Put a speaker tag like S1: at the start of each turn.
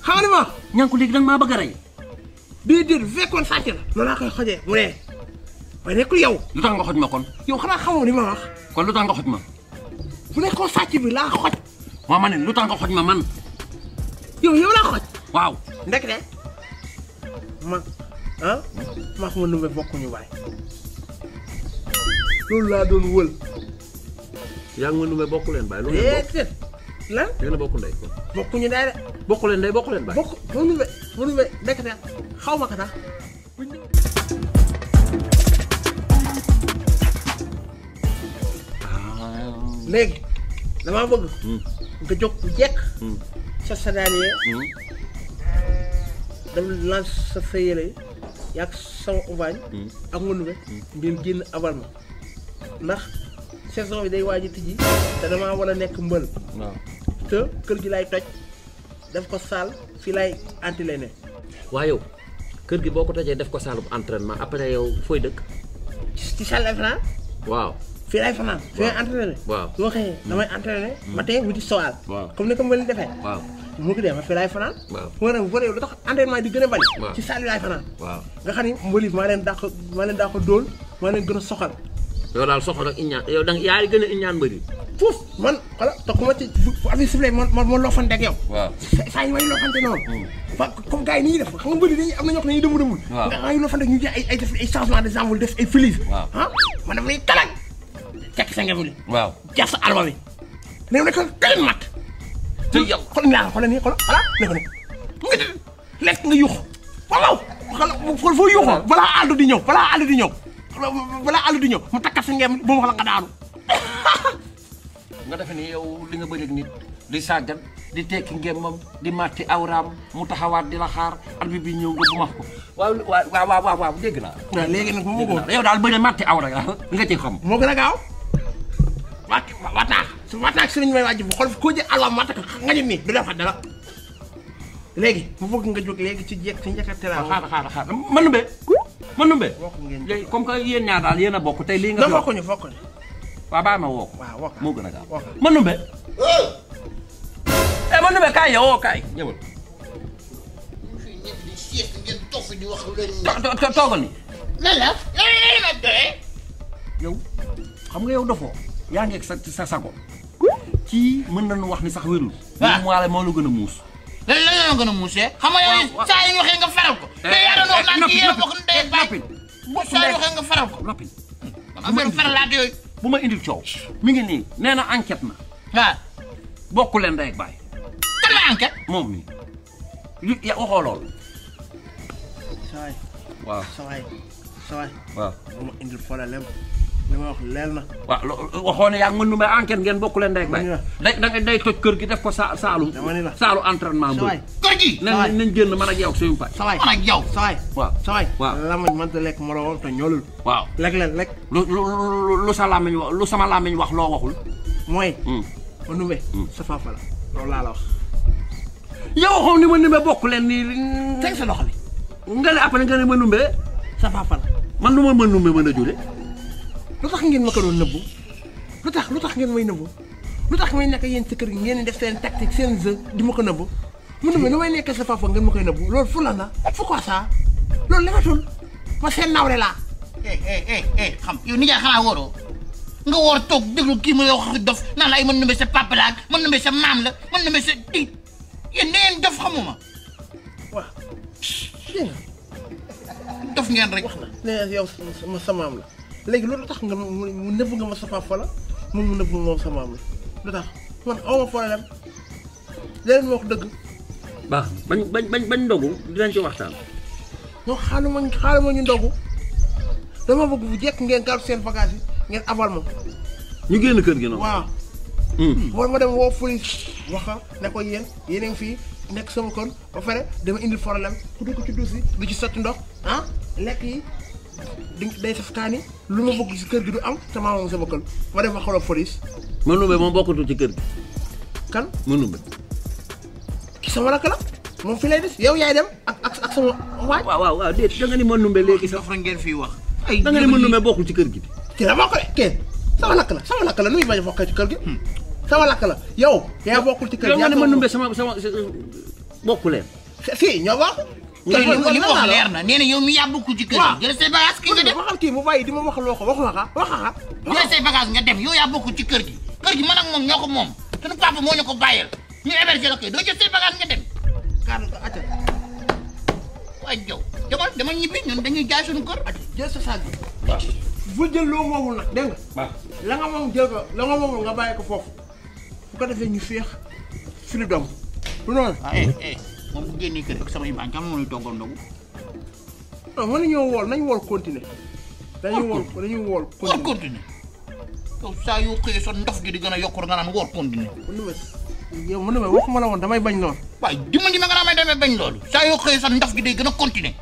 S1: Xaarima ñànku léegi danga maa bëgg a rey. déedéet fekkoon sàcc la. loolu laa koy xojee mu ne waaye nekkul yow. lu tax xoj ma kon. yow xanaa xamoo li ma wax. kon lu tax nga xoj ma. bu nekkoon sàcc bi laa xoj. waaw ma ne lu tax xoj ma man. yow yow laa xoj. waaw ndek de man ah maa ko ma bokkuñu waay. loolu laa doon wël. yaa ngi ma numbe bokku leen bàyyi loolu leen bokk lan yéen a bokk ndey. bokkuñu ndey de. bokku leen ndey bokku leen baay. bokk mënu be mënu nekk na xaw ma ko tax. Ah. léegi damaa bëgg. Hmm. nga jóg jekk. Hmm. sa sa daan yee. Hmm. dama laal sa sa yére yi yàgg sama ovaañ. ak mënu be. ngeen génn abal ma ndax. saison bi day waaj a tijji te damaa war a nekk mbël. waaw kër gi laay toj def ko salle fii laay antile ne. waaw yow kër gi boo ko tojee def ko salle bu entraînement après yow fooy dëkk. ci salle de France. waaw. fii laay fanaan fii laay ma xëyee mm. damay entraîné. Mm. ma tey wuti comme ni ko mbël defee. waaw bu ma ko defee fii laay fanaan. waaw fu ma ne bu yow lu tax entraînement di gën a bari. ci salle bi laay fanaan. waaw nga xam ni mbël maa leen dàq maa dóol maa leen gën a soxal. yow daal soxor ak iñaan yow da yaa gën a iñaan mbëri foof man man man moo loofante ak yow saa yi may hmm. yi ni xam nga mbëri dañuy am na ñu dëmu dëmul nga ñu loofante ñu jël def ay changement de genre def ay felice ah man daf lay talan tekk sa ngemu li waaw jar sa alma bi léegi nag kalin mat te ne ko ne mu ngi lekk nga yuux waaw waaw foo yuuxoo balaa àll di ñëw balaa àll di ñëw balaa àll di ñëw mu takkat sa ngeem bu wax la nga daanu nga defe ni yow li nga bëri ak nit di sàggan di tekki ngémmam di màtti awraam mu taxawaat di la xaar arbi bi ñëw nga bu max ko waaw waaw waaw waaw dégg naa. waaw nag moom yow daal bëri màtti awra li nga ci xam. moo gën a gaaw waat waataax su waataax sëriñ may wàjj bu xool koo jël àllam waat ko nga ni nii du defar dara léegi mu bëgg nga jóg léegi ci jeeg ci njëkk a. waaw xaaral xaaral xaaral man be mën numbe comme que yéen ñaar daal yéen a bokk tey lii nga fi waxuñu fokkuñu waaw bàyyi ma woo ko waaw woo ko moo gën a gaaw mën numbe eh yow kaay ñëwal to toogal ni xam nga yow dofoo yaa ngi sa sago kii mën nañu wax ni sax wérul ah. moom waale moo la gën a muus lan la gën a muusee eh? xam nga yow saa yi ñu waxee nga faral te eh, yaa doon wax eh, naan kii yéen noppi. mbokk ndey saa nga faram ko noppi. bu ma indil coow mi ngi nii nee na enquête na. waaw leen ndey ak baay. kan la enquête. moom mii li ya waxoo loolu. waaw saa waay saa ma indil problème. li ma na. waaw waxoo ne yaa ngi mën may enquête ngeen bokk leen rek. day day day kër gi def ko sa saalu. saalu entraînement bu. kër gi nañ nañ génn man ak yow suñu pay. sawaay man ak yow sawaay. waaw sawaay. waaw lamañ mënta lekk moroom te ñoolul. waaw lekk leen lekk. lu lu lu sa lamañ wax lu sama lamañ wax loo waxul. mooy. ma hmm. numbe. Hmm. sa faafa la loolu wax. yow waxoon ni ma numbe bokk leen nii. teg sa loxo bi. nga ne après nga ne ma numbe. sa faafa man nu ma ma numbe mën a jure. lu tax ngeen ma ko doon nëbbu lu tax lu tax ngeen may nëbbu lu tax may nekk yéen ci kër gi ngeen di def seen tactique seen jeu di ma ko nëbbu mu ne ma nu may nekkee ngeen ma koy nëbbu loolu fu la na fu ko saa loolu lefatul ma seen nawle laa. Eh, eh, eh, xam toog déglu kii mu yow dof naan la ay mën na sa papa la mën na sa maam la mën na sa di yéen da ngeen dof xamuma waaw. dof ngeen rek. wax na ne yow sama maam la. léegi loolu tax nga mu nëbb nga ma sa papa la moom mu nëbb moom sa maam la lu tax man aw ma problème leneen moo dëgg. baax bañ bañ bañ bañ ndogu dinañ ci waxtaan. non xaaluma xaaluma ñu ndogu dama bëgg bu jekk ngeen gàddu seen bagage yi ngeen abal ma. ñu génn kër gi noonu waaw. Hmm. war ma dem woo police waxa ne ko yéen yéen fii nekk sama kon ba pare dama indil problème ku dugg ci duus yi du ci sotti ndox ah lekk yi. day saf kaani lu ma bëgg si kër gi du am te maa moom sama kër ma def waxal ak police. Manoumbe moom bokkatul ci kër gi. kan la moom fi lay yaay dem ak ak ak sama waaj. waaw waaw waaw wax. ay da ci kër gi. ci la bokk de kenn sama lakk la sama lakk la nu muy bañ a bokkee ci kër gi. Hmm. sama lakk la yow. yaa bokkul kër gi yaa ni Manoumbe sama sama bokkuleen. si ñoo bokk. li mu wax leer na nee na yow mi yàbbu ko ci kër jël say bagage ki nga dem waxal kii mu bàyyi di ma wax loo yow yaa bokk ci kër gi kër gi man ak moom ñoo ko moom sunu papa moo ñu ko bàyyil ñu hébergé la koy doo jël say bagage nga dem kan dañuy jaay suñu kër acca jël sa saag bi bu loo moomul nag dégg nga la nga moom jël ko la nga moomul nga bàyyi ko foofu bu ko defee ñu féex fi lu doom du noonu ah, eh, eh. moom bu génnee kër ak samay mbaañ kan moo lay toggal ndogu. non mën nañoo wool nañu wool continuer. dañuy wool dañuy wool continuer yow saa yoo xëyee sa ndof gi di gën a yokk nga naan wool continuer. yow man de ma la woon damay bañ lool. waaye dimbali ma nga naa may damay bañ loolu saa yoo xëyee sa ndof gi day gën a continuer.